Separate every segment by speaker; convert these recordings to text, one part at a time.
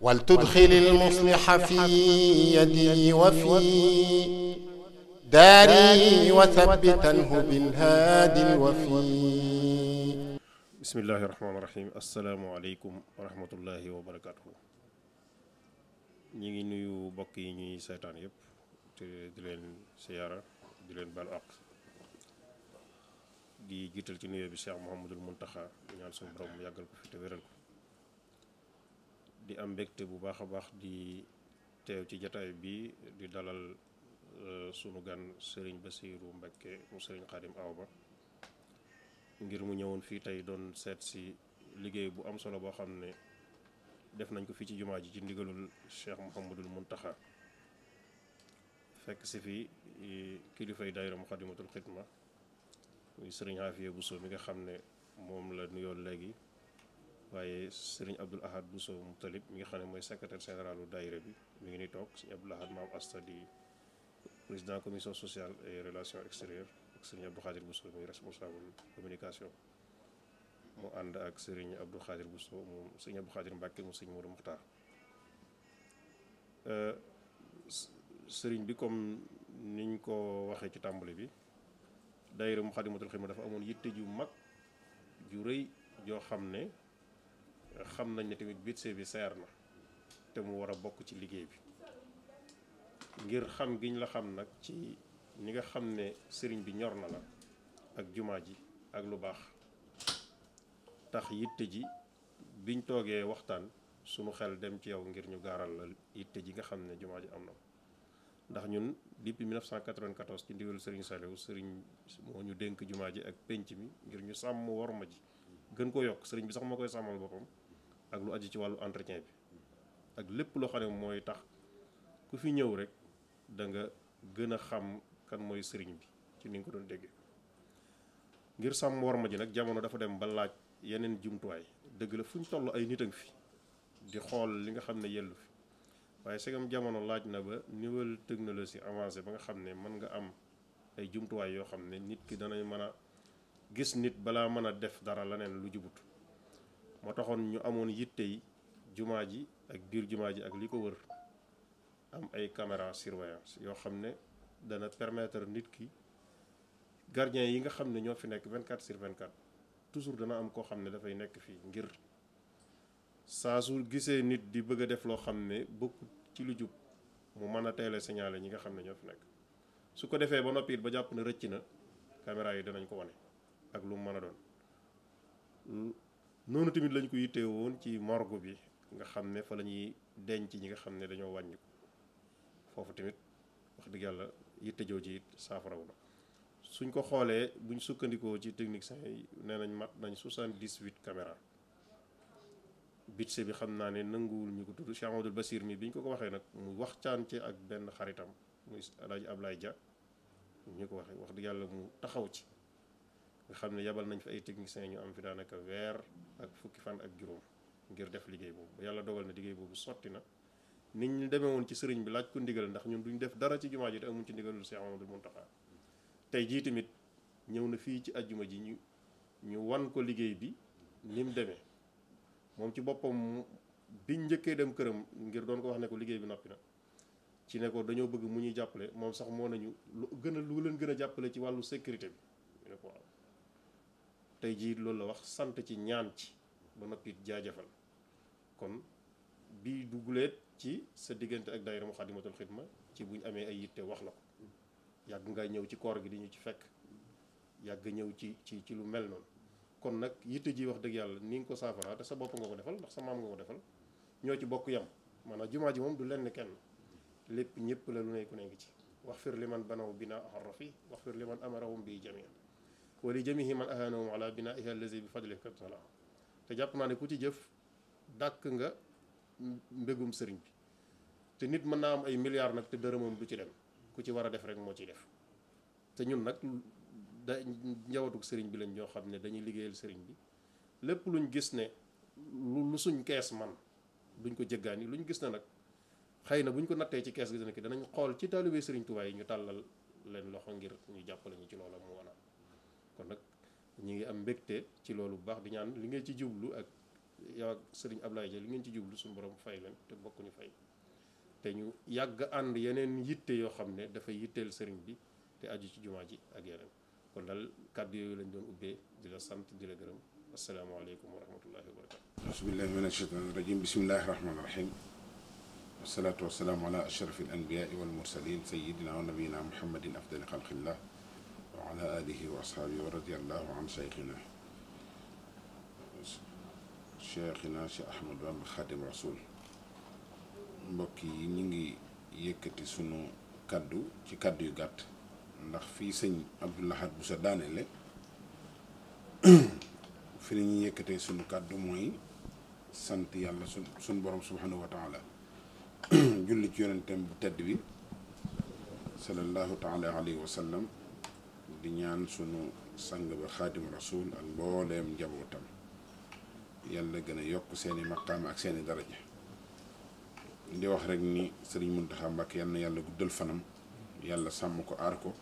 Speaker 1: ولتدخل المصلح في يدي وفي
Speaker 2: داري وثبتنه بالهادي الوفي بسم الله الرحمن الرحيم السلام عليكم ورحمة الله وبركاته نيجي نيو بكي ني سيطان يب دلين سيارة دلين بالعق di jiital ci nuyoo bi Cheikh Mouhamadul Muntaxa ñaan suñu borom mu yàggal ko fi te wéral ko di am mbegte bu baax a baax di teew ci jataay bi di dalal euh, sunu gan Serigne Bassirou Mbacké mu Serigne Khadim Awa Ba ngir mu ñëwoon fii tey doon seet si liggéey bu am solo boo xam ne def nañ ko fii ci jumaa ji ci ndigalul Cheikh Mouhamadul taxa fekk si fi kilifay daayira Muxaddamatul Xidma muy Serigne bu so mi nga xam ne moom la yoon léegi waaye sëriñ Abdul Ahad Bousso Moutalib mi nga xam ne mooy secrétaire généralu daayira bi mi ngi ni toog sëriñ Abdul Ahad maam Asta di président commission sociale et relations extérieures ak sëriñ Abdou Khadir Bousso muy responsable communication mu ànd ak sëriñ Abdou Khadir Bousso mu sëriñ Abdou Khadir Mbacke mu sëriñ Modou Muxtaar euh, sëriñ bi comme niñ ko waxee ci tàmbali bi daayira Moukhaddamatoul Khidma dafa amoon yitte ju mag ju rëy joo xam ne xam nañ ne tamit budget bi seer na te mu war a bokk ci liggéey bi ngir xam giñ la xam nag ci ñi nga xam ne sëriñ bi ñor na la ak jumaa ji ak lu baax tax yitte ji biñ toogee waxtaan sunu xel dem ci yow ngir ñu gaaral la yitte ji nga xam ne jumaa ji am na ndax ñun depuis 1994 ci ndigal sëriñ Saliou sëriñ moo ñu dénk jumaa ji ak penc mi ngir ñu sàmm worma ji gën ko yokk sëriñ bi sax ma koy sàmmal boppam ak lu aju ci wàllu entretien bi ak lépp loo xam ne mooy tax ku fi ñëw rek da nga gën a xam kan mooy sëriñ bi ci ni nga ko doon déggee ngir sàmm warma ji nag jamono dafa dem ba laaj yeneen jumtuwaay dëgg la fu ñu toll ay nit a ngi fi di xool li nga xam ne yellu fi waaye segam jamono laaj na ba nouvelle technologie avancée ba nga xam ne mën nga am ay jumtuwaay yoo xam ne nit ki danañ mën a gis nit balaa mën a def dara leneen lu jubut moo taxoon ñu amoon yitte tey jumaa ji ak biir jumaa ji ak li ko wër am ay caméra surveillance yoo xam ne dana permettre nit ki gardien yi nga xam ne ñoo fi nekk 24 sur 24 toujours dana am koo xam ne dafay nekk fii ngir saa su gisee nit di bëgg a def loo xam ne bokkut ci lu jub mu mën a tele a ñi nga xam ne ñoo fi nekk su ko defee ba noppi ba jàpp ne rëcc na caméra yi danañ ko wane ak lu mën a doon noonu tamit lañ ko yittee woon ci morgue bi nga xam ne fa la ñuy denc ñi nga xam ne dañoo wàññi foofu tamit wax dëgg yàlla yitte jooju it saafarawu la suñ ko xoolee buñ sukkandikoo ci techniciens yi nee nañ mat nañ 78 caméra budget bi xam naa ne nanguwul ñu ko tudd Cheikh Amadou Basir mi biñ ko ko waxee nag mu waxtaan ci ak benn xaritam muy El Hadj Ablaye ñu ko waxee wax dëgg yàlla mu taxaw ci. xam ne yabal nañ fi ay techniciens ñu am fi daanaka weer ak fukki fan ak juróom ngir def liggéey boobu yàlla dogal na liggéey boobu sotti na niñ demee woon ci sëriñ bi laaj ko ndigal ndax ñun duñ def dara ci jumaa ji te amuñ ci ndigalul Cheikh Amadou Mountakha tey jii tamit ñëw na fii ci ajjuma ji ñu ñu wan ko liggéey bi ni demee moom ci boppam bi njëkkee dem këram ngir doon ko wax ne ko liggéey bi noppi na ci ne ko dañoo bëgg mu ñuy jàppale moom sax moo nañu lu gën a lu leen gën a jàppale ci wàllu sécurité bi tey jii loolu la wax sant ci ñaan ci ba noppi jaajëfal kon bii dugguleet ci sa diggante ak daayira Muxaddamatul Xidma ci bu ñu amee ay yitte wax la ko yàgg nga ñëw ci koor gi di ñu ci fekk yàgg ñëw ci ci ci lu mel noonu kon nag yitte ji wax dëgg yàlla ni nga ko saafara te sa bopp nga ko defal ndax sa maam nga ko defal ñoo ci bokk yam maanaam jumaa ji moom du lenn kenn lépp ñëpp la lu nekk ku ci wax fiir li man banaw bina aharra fi wax fiir li man amarahum bi jamian wali jamihi man ahanahum ala binaiha allazi bi fadli katala te jàpp naa ne ku ci jëf dàkk nga mbégum sëriñ bi te nit mën naa am ay milliards nag te dërëmam du ci dem ku ci war a def rek moo ciy def te ñun nag da njawatuk sëriñ bi lañ ñoo xam ne dañuy liggéeyal sëriñ bi lépp luñ gis ne lu suñ kees man duñ ko jéggaani luñ gis ne nag xëy na buñ ko nattee ci kees gi dana ki danañ xool ci taalibe sëriñ Tuubaa yi ñu tàllal leen loxo ngir ñu jàppale ñu ci loola mu wana kon nag ñi ngi am mbégte ci loolu bu baax di ñaan li ngeen ci jublu ak yow ak sëriñ Ablaye li ngeen ci jublu suñu borom fay leen te bokkuñu fay te ñu yàgg ànd yeneen yitte yoo xam ne dafa yitteel sëriñ bi te aju ci jumaa ji ak yeneen kon daal kàddu yooyu lañ doon ubbee di sant di gërëm asalaamaaleykum wa rahmatullahi wa barakatu asbillahi
Speaker 1: min asheytan rajim bismillahi rahmaani rahim wasalaatu wasalaamu ala ashraf al anbiyaai wal mursalin sayidina wa nabiyina muhammadin wa ala alihi wa ashaabihi wa radiyallahu an cheikhina cheikhina Cheikh Ahmadou Bamba Xadim Rasul mbokk yi ñu ngi yëkkati sunu kàddu ci kaddu yu gàtt ndax fii sëñ Abdou Lahad bu sa daaneele fi la ñuy yëkkatee sunu kàddu mooy sant yàlla sun sunu borom subhanahu wa julli ci yonentam bu tedd bi sallallahu taala di ñaan sunu sang ba xaadim rasul ak mbooleem njabootam yàlla gën a yokk seeni maqaam ak seeni daraja di wax rek ni sëriñ Muntaxa Mbàkke yal yàlla guddal yàlla sàmm ko aar ko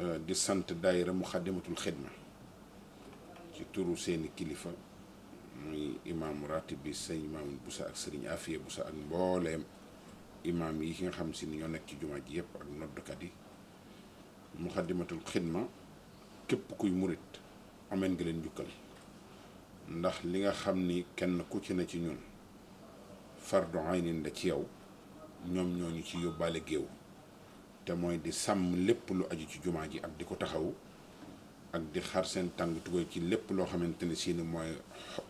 Speaker 1: euh, di sant daayira Muxaddamatul Xidma ci turu seeni kilifa muy imaam ratib bi sëriñ Maamun Busa ak sëriñ Afiya Busa ak mbooleem imaam yi ki nga xam si ni ñoo nekk ci jumaa ji yëpp ak noddukat yi muxaddamatul xidma képp kuy murit ameen nga leen jukkal ndax li nga xam ni kenn ku ci ne ci ñun fardu aynin la ci yow ñoom ñooñu ci yóbbaale géew te mooy di sàmm lépp lu aju ci jumaa ji ak di ko taxaw ak di xar seen tàng tugay ci lépp loo xamante ne si mooy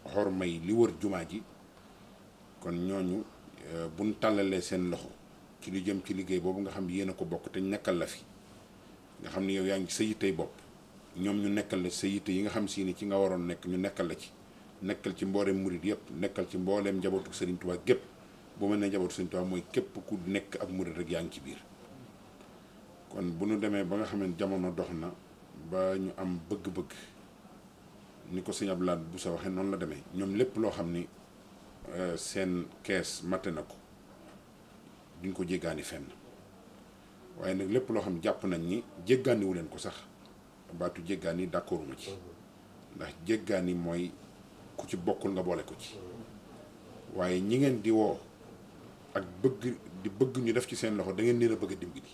Speaker 1: xorma yi li wër jumaa ji kon ñooñu eh, buñ tàllalee seen loxo ci lu jëm ci liggéey boobu nga xam yéen ko bokk te ñakkal la fi nga xam ne yow yaa ngi ci sa yittey bopp ñoom ñu nekkal la sa yitte yi nga xam si ni ci nga waroon nekk ñu nekkal la ci nekkal ci mbooleem murit yëpp nekkal ci mbooleem njabootu Serigne Touba gépp bu mel ne njabootu Serigne Touba mooy képp ku nekk ak murit rek yaa ngi ci biir kon bu nu demee ba nga xam ne jamono dox na ba ñu am bëgg-bëgg ni ko sëñ Abdoulaye bu sa waxee noonu la demee ñoom lépp loo xam ni euh, seen kees matt na ko duñ ko jéggaani fenn waaye nag lépp loo xam jàpp nañ ni jéggaaniwu leen ko sax baatu jéggaani d'accord ma ci ndax jéggaani mooy ku ci bokkul nga boole ko ci waaye ñi ngeen di woo ak bëgg di bëgg ñu def ci seen loxo dangeen ngeen leen a bëgg a dimbali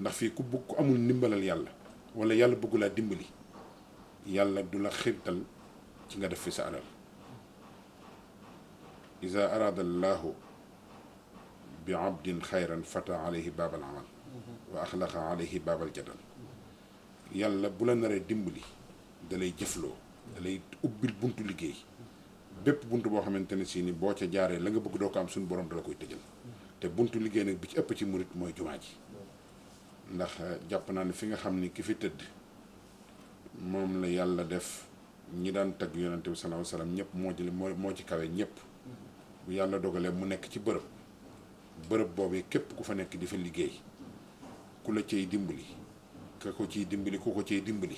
Speaker 1: ndax fii ku bëgg ku amul ndimbalal yàlla wala yàlla bëggu laa dimbali yàlla du la xirtal ci nga def fi sa alal ida araada bi abdin xayran fata alayhi baabal amal wa axlaqa alayhi baabal jadal yàlla bu la naree dimbali da lay jëfloo da lay buntu liggéey bépp bunt boo xamante ni si ni boo ca jaaree la nga bëgg doo ko am suñu borom da la koy tëjal te buntu liggéey nag bi ci ëpp ci murit mooy jumaa ji ndax jàpp naa ni fi nga xam ni ki fi tëdd moom la yàlla def ñi daan tagg yonante bi sallallahu alayhi wasallam ñëpp moo ci moo ci kawe ñëpp bu yàlla dogalee mu nekk ci bërëb bërëb boobee képp ku fa nekk di fa liggéey ku la cay dimbali ka ci ciy dimbali ku ko cay dimbali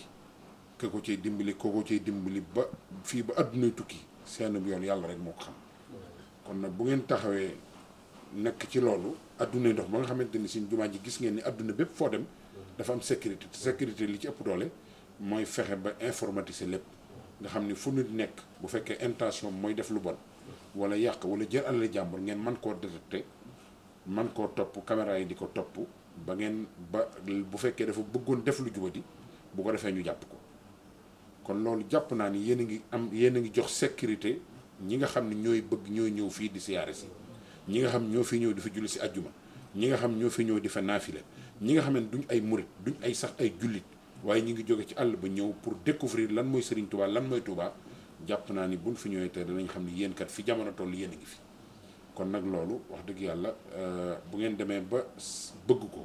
Speaker 1: ka ko cay dimbali ku ko dimbali ba fii ba addunay tukki seenub yoon yàlla rek moo ko xam kon nag bu ngeen taxawee nekk ci loolu addunay ndox ba nga xamante ni suñ jumaa ji gis ngeen ni adduna bépp foo dem dafa sécurité te sécurité li ci ëpp doole mooy fexe ba informatiser lépp nga xam ni fu nit nekk bu fekkee intention mooy def lu bon wala yàq wala jël alal jàmbur ngeen man koo détecté man koo topp caméra yi di ko topp ba ngeen ba bu fekkee dafa bëggoon def lu jubadi bu ko defee ñu jàpp ko kon loolu jàpp naa ni yéen a ngi am yéen a ngi jox sécurité ñi nga xam ni ñooy bëgg ñooy ñëw fii di siyaare si ñi nga xam ñoo fi ñëw di fa julli si ajjuma ñi nga xam ñoo fi ñëw di fa naafila ñi nga xam ne duñ ay murit duñ ay sax ay jullit waaye ñi ngi jóge ci àll ba ñëw pour découvrir lan mooy Serigne Touba lan mooy Touba jàpp naa ni buñ fi ñëwee te danañ xam ni yéen fi jamono yéen a ngi fi kon nag loolu wax dëgg yàlla euh, bu ngeen demee ba bëgg ko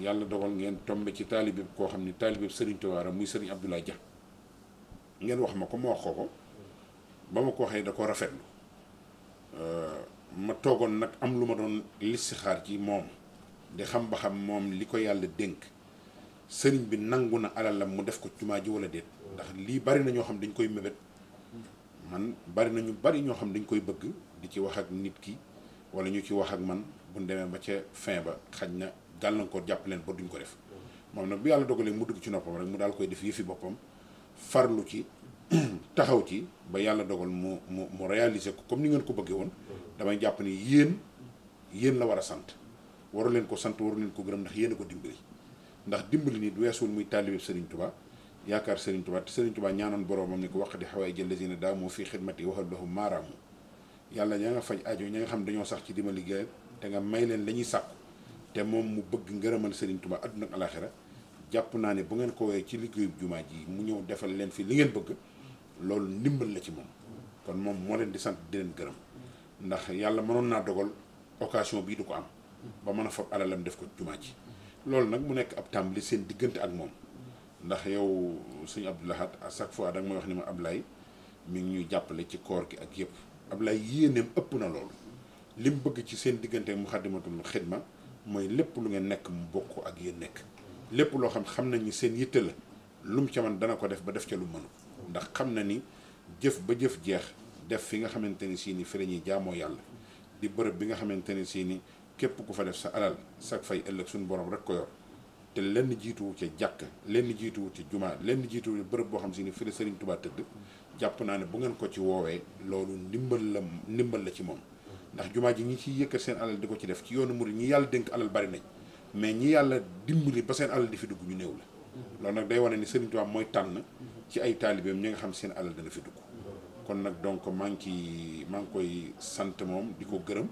Speaker 1: yàlla dogal ngeen tombe ci taalibe bi koo xam ni taalibe Serigne Touba muy Serigne Abdoulaye ja ngeen wax ma ko ma wax ko ko ba ma ko waxee da ko rafetlu euh, ma toogoon nag am lu ma doon listixaar ci moom di xam ba xam moom li ko yàlla dénk sëriñ bi nangu na la mu def ko cumaa ji wala déet ndax lii bari na ñoo xam dañ koy mébét man bari na ñu bari ñoo xam ne dañ koy bëgg di ci wax ak nit ki wala ñu ci wax ak man bu ñu demee ba ca fin ba xaj na ko jàpp leen ba duñ ko def moom nag bu yàlla dogalee mu dugg ci noppam rek mu daal koy def yëfi boppam farlu ci taxaw ci ba yàlla dogal mu mu mu réaliser ko comme ni ngeen ko bëggee woon damay jàpp yéen yéen la war a sant waru leen ko sant waru leen ko gërëm ndax yéen a ko dimbali ndax dimbali nit weesul muy taalibe Sëriñ tubaa yaakaar Serigne Touba te Serigne Touba ñaanoon boroomam ni ko wax di xawaay jël lazina daa moo fii xidmati waxal lahum maaraamu yàlla ña nga faj ajo ña nga xam dañoo sax ci dima liggéey te nga may leen la ñuy sàkku te moom mu bëgg ngërëmal Serigne Touba àdduna ak alaxira jàpp naa ne bu ngeen ko woowee ci liggéeyu jumaa ji mu ñëw defal leen fi li ngeen bëgg loolu ndimbal la ci moom kon moom moo leen di sant di leen gërëm ndax yàlla mënoon naa dogal occasion bii du ko am ba mën a fab alalam def ko jumaa ji loolu nag mu nekk ab tàmbali seen diggante ak moom ndax yow sëñ Abdou Lahad à chaque fois da nga wax ni ma Ablaye mi ngi ñuy jàppale ci koor gi ak yëpp Ablaye yéeneem ëpp na loolu li bëgg ci seen diggante mu xaddimatul xidma mooy lépp lu ngeen nekk mu bokk ak yéen nekk lépp loo xam xam nañ ni seen yitte la lu mu ca man dana ko def ba def ca lu mënu ndax xam na ni jëf ba jëf jeex def fi nga xamante ni si ni fi la ñuy jaamoo yàlla di bërëb bi nga xamante ni si ni képp ku fa def sa alal sag fay ëllëg suñu borom rek ko te lenn jiituwu ca jàkk lenn jiituwu ci jumaa lenn jiituwu bërëb boo xam si ni fi la Serigne Touba tëdd jàpp naa ne bu ngeen ko ci woowee loolu ndimbal la la ci moom ndax jumaa ji ñi ciy yëkkat seen alal di ko ci def ci yoonu murid ñi yàlla dénk alal bari nañ mais ñi yàlla ba seen alal di fi dugg ñu néew la loolu nag day wane ni Serigne Touba mooy tànn ci ay taalibeem ñi nga xam seen alal dana fi dugg kon nag donc maa ngi ciy maa ngi koy sant moom di ko gërëm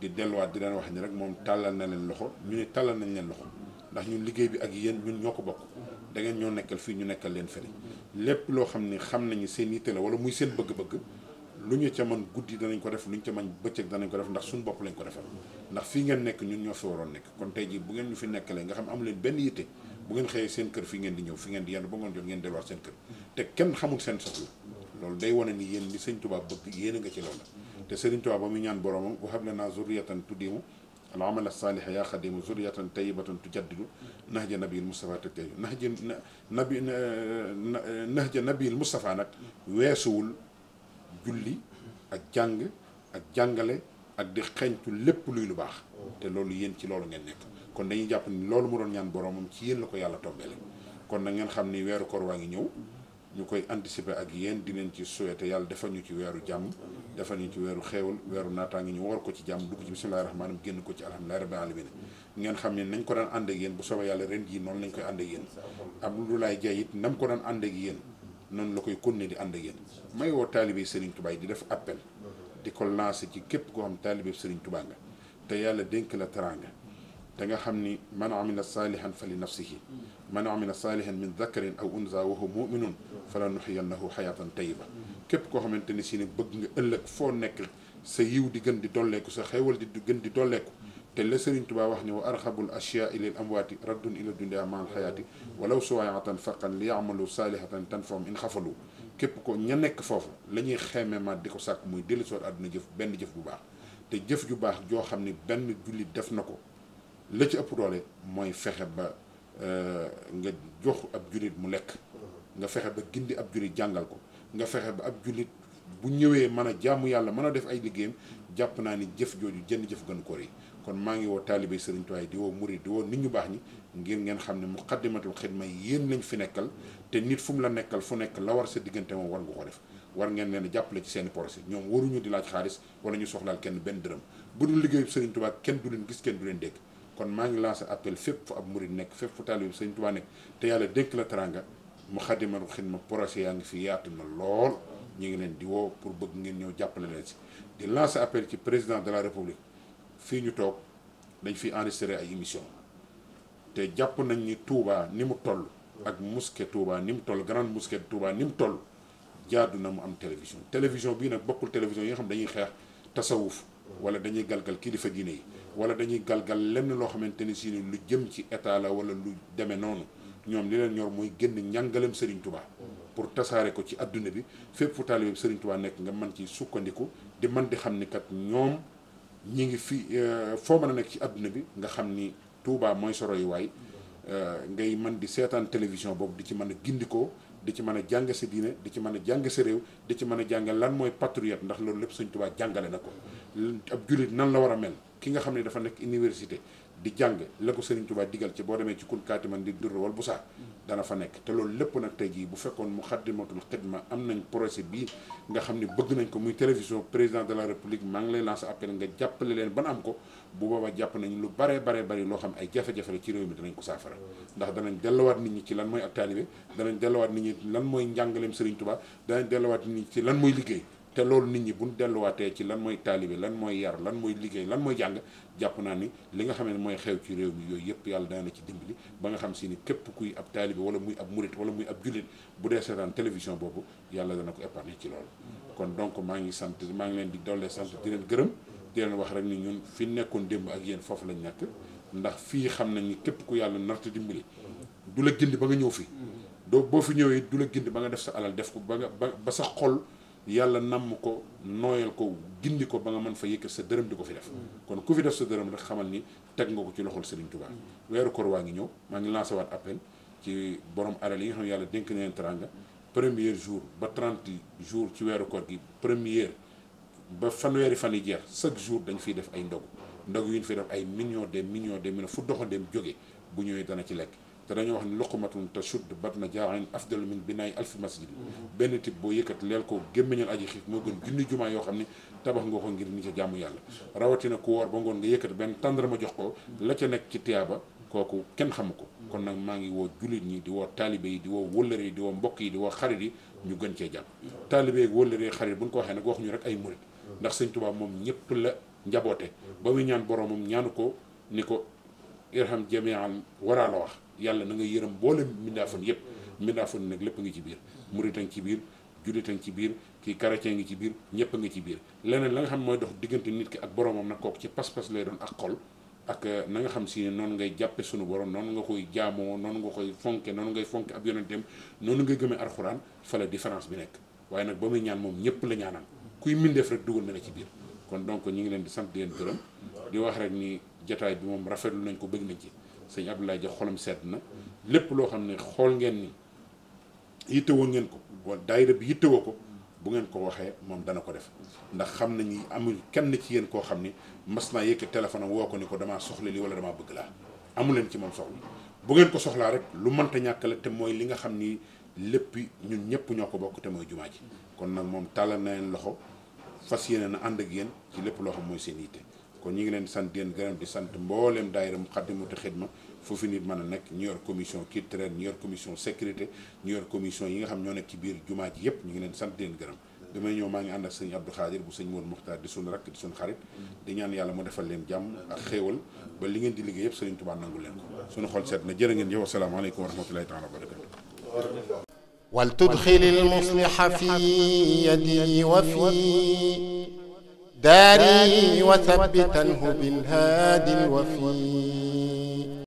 Speaker 1: di delluwaat di leen wax ni rek moom tàllal na leen loxo ñu ne tàllal nañ leen loxo ndax ñun liggéey bi ak yéen ñun ñoo ko bokk da ngeen ñoo nekkal fii ñu nekkal leen fële lépp loo xam ne xam nañu seen yitte la wala muy seen bëgg-bëgg lu ñu ca man guddi danañ ko def lu ñu ca man bëccëg danañ ko def ndax suñu bopp lañ ko defal ndax fii ngeen nekk ñun ñoo fi waroon nekk kon tey jii bu ngeen ñu fi nekkalee nga xam amu leen benn yitte bu ngeen xëyee seen kër fi ngeen di ñëw fi ngeen di yenn ba ngoon jot ngeen delluwaat seen kër te kenn xamul seen soxla loolu day wane ni yéen li sëñ Tuubaa bëgg yéen nga ci loolu te sëriñ Tuubaa ba muy ñaan boroomam wahab lanaa zurriyatan tuddiimu العمل الصالح يا خديم زرية طيبة تجدد نهج نبي المصطفى تجدد نهج نبي نهج نبي المصطفى nag weesuwul julli ak jàng ak jàngale ak di xeñtu lépp luy lu baax te loolu yéen ci loolu ngeen nekk kon dañuy jàpp ni loolu mu doon ñaan boromam ci yéen la ko yàlla tombeele kon nag ngeen xam ni weeru koor waa ngi ñëw ñu koy anticiper ak yéen di leen ci souhaiter yàlla defal ñu ci weeru jàmm defal ñu ci weeru xeewal weeru naataangi ñu war ko ci jàmm dugg ci bismillahi rahmaani génn ko ci alhamdulillahi rabbil alamin xam ne nañ ko daan ànd ak yéen bu soobee yàlla ren jii noonu lañ koy ànd ak yéen Abdoulaye Diaye it nam ko daan ànd ak yéen noonu la koy continuer di ànd ak yéen may woo taalibe Serigne tubaay di def appel di ko lancer ci képp koo xam taalibe Serigne Touba nga te yàlla dénk la teraanga te nga xam ni man amila saalihan fa li nafsihi man amila saalihan min dakarin aw unsa wa huwa muminun fala nuxiyannahu xayaatan tayiba képp koo xamante ni si ne bëgg nga ëllëg foo nekk sa yiw di gën di dolleeku sa xewal di gën di dolleeku te la Sëriñ Tuubaa wax ni wa arxabul ashyaa lil amwaati raddun ila dunia ma alxayaati walaw suwaayatan faqan li yamalu saalihatan tanfahum in xafalu képp ko ña nekk foofu la ñuy xeeme ma di ko sàkk muy dellusiwaat àdduna jëf benn jëf bu baax te jëf ju baax joo xam ni benn jullit def na ko la ci ëpp doole mooy fexe ba euh, nga jox ab jullit mu lekk nga fexe ba gindi ab jullit jàngal ko nga fexe ba ab jullit bu ñëwee man a jàmm yàlla mën a def ay liggéeyam jàpp naa ni jëf jooju jenn jëf gën ko rëy kon maa ngi woo taalibe Sëriñ Tuubaa di woo murid di woo nit ñu baax ñi ngir ngeen xam ne muqaddimatul xidma yéen lañ fi nekkal te nit fu mu la nekkal fu nekk la war sa diggante moom war nga ko def war ngeen leen jàppale ci seeni projet ñoom waruñu di laaj xaalis wala kenn benn dërëm bu dul liggéeyu Sëriñ Tuubaa kenn du leen gis kenn du leen dégg kon maa ngi lancé appel fépp fu ab murid nekk fépp fu taalibe Sëñ Tuubaa nekk te yàlla dénk la teranga Moukhaddamatoul Khidma projet yaa ngi fi yaatu na lool ñu ngi leen di woo pour bëgg ngeen ñëw jàppale leen si di lancer appel ci président de la république fii ñu toog dañ fi enregistré ay émission te jàpp nañ ni Touba ni mu toll ak mosquée Touba ni mu toll grande mosquée Touba ni mu toll jaadu na mu am television télévision bii nag bokkul télévision yi xam dañuy xeex tasawuf wala dañuy galgal kilifa diine wala dañuy galgal lenn loo xamante ni si lu jëm ci état la wala lu demee noonu ñoom li leen ñor mooy génn njàngaleem Serigne Touba pour tasaare ko ci àdduna bi fépp fu taalibe Serigne Touba nekk nga mën ci sukkandiku di man di xam ni kat ñoom ñi ngi fi euh, foo mën a nekk ci àdduna bi nga xam ni tuubaa mooy sa royuwaay euh, ngay mën di seetaan télévision boobu di ci mën a gindikoo di ci mën a jàng sa diine di ci mën a jàng si réew di ci mën a jàngal lan mooy patriote ndax loolu lépp Sëñ Tuubaa jàngale na ko ab jullit nan la war a mel ki nga xam ne dafa nekk université di jàng la ko Serigne Touba digal ci boo demee ci kun kaatiman di durr wal bu saa dana fa nekk te loolu lépp na tey jii bu fekkoon Moukhaddamatoul Khidma am nañ projet bii nga xam ne bëgg nañ ko muy télévision président de la république maa ngi lay lancé appel nga jàppale leen ban am ko bu booba jàpp nañ lu baree baree bari loo xam ay jafe-jafe la ci réew mi danañ ko saafara ndax danañ delluwaat nit ñi ci lan mooy ak taalibe danañ delluwaat nit ñi lan mooy njàngaleem Serigne Touba danañ delluwaat nit ci lan mooy liggéey te loolu nit ñi buñ delluwaatee ci lan mooy taalibe lan mooy yar lan mooy liggéey lan mooy jàng jàpp naa ni li nga xam ne mooy xew ci réew mi yooyu yëpp yàlla daana ci dimbali ba nga xam si ni képp kuy ab taalibe wala muy ab murit wala muy ab jullit bu dee seetaan télévision boobu yàlla dana ko épargner ci loolu kon donc maa ngi sant maa ngi leen di dollee sant di leen gërëm di leen wax rek ni ñun fi nekkoon démb ak yéen foofu lañ nekk ndax fii xam nañ ni képp ku yàlla narta dimbali du la gindi ba nga ñëw fi mm-hmm. doo boo fi ñëwee du la gindi ba nga def sa alal def ko ba nga ba sa xol yàlla namm ko nooyal ko gindi ko ba nga mën fa yëkkat sa dërëm di ko fi def kon ku fi def sa dërëm rek xamal ni teg nga ko ci loxol Serigne Touba weeru koor waa ngi ñëw maa ngi lancé waat appel ci borom alal yi nga xam ne yàlla dénk na leen teranga premier jour ba 30 jour ci weeru koor gi première ba fanweeri fan yi jeex jour dañ fiy def ay ndog ndog yu ñu fi def ay millions des millions des millions fu doxandeem jógee bu ñëwee dana ci lekk te dañoo wax ne luqmatun tashudd batna jaain afdalu min binaay alfi masjid benn tib boo yëkkat leel ko gémmiñal aji xiif moo gën junni jumaa yoo xam ne tabax nga ko ngir ni ca yàlla rawatina ku woor ba ngoon nga yëkkat benn tàndarma jox ko la ca nekk ci tiyaaba kooku kenn xamu ko kon nag maa ngi woo jullit ñi di woo taalibe di woo wëllëre yi di woo mbokk yi di woo xarit yi ñu gën cee jàpp taalibe yi wëllëre yi xarit bu ñu ko waxee nag waxuñu rek ay murit ndax sëñ tubaab moom ñëpp la njaboote ba muy ñaan boroomam ñaanu ko ni ko irham jamial waraa la wax yàlla na nga yërëm boole mbindaafoon yëpp mbindaafoon nag lépp ngi ci biir murit a ci biir jullit ci biir kii chrétien ngi ci biir ñëpp a ngi ci biir leneen la nga xam mooy dox diggante nit ki ak boroomam nag kooku ci pas-pas lay doon ak xol ak euh, na xam si ne noonu ngay jàppe sunu borom noonu nga koy jaamoo noonu nga koy fonke noonu ngay fonke ab yonenteem noonu ngay gëmee alxuraan fa la différence bi nekk waaye nag ba muy ñaan moom ñëpp la ñaanal kuy mindeef rek dugal na la biir kon donc ñu ngi leen di sant di gërëm wax rek ni jataay moom rafetlu nañ ko bëgg nañ ci sëñ Abdoulaye jox xolam sedd na lépp loo xam ne xool ngeen ni yittewoo ngeen ko wala daayira bi yittewoo ko bu ngeen ko waxee moom dana ko def ndax xam nañu amul kenn ci yéen koo xam ne mas naa yëkk téléphone am woo ko ni ko damaa soxla li wala damaa bëgg laa amu leen ci moom soxla bu ngeen ko soxlaa rek lu mënta ñàkk te mooy li nga xam ni lépp ñun ñëpp ñoo ko bokk te mooy jumaa ji kon nag moom tàllal na leen loxo fas yeneen na ànd ak yéen ci lépp loo xam mooy seen yitte kon ñu ngi leen di sant di leen gërëm di sant mboolem daayira Moukhaddamatoul Khidma foofu nit mën a nekk ñu yor commission culturelle ñu yor commission yi nga xam ñoo nekk ci biir jumaa ji yëpp ñu ngi leen sant di leen gërëm damay ñëw maa ngi ànd ak sëñ Abdou Khadir bu sëñ Mour Muxtaar di suñu rakk di suñu xarit di ñaan yàlla mu defal leen jàmm ak xéewal ba li ngeen di liggéey yëpp sëriñ Tuubaa nangu leen ko suñu xol seet na jërë ngeen jëf asalaamaaleykum wa داري وثبتنه بالهادي الوفي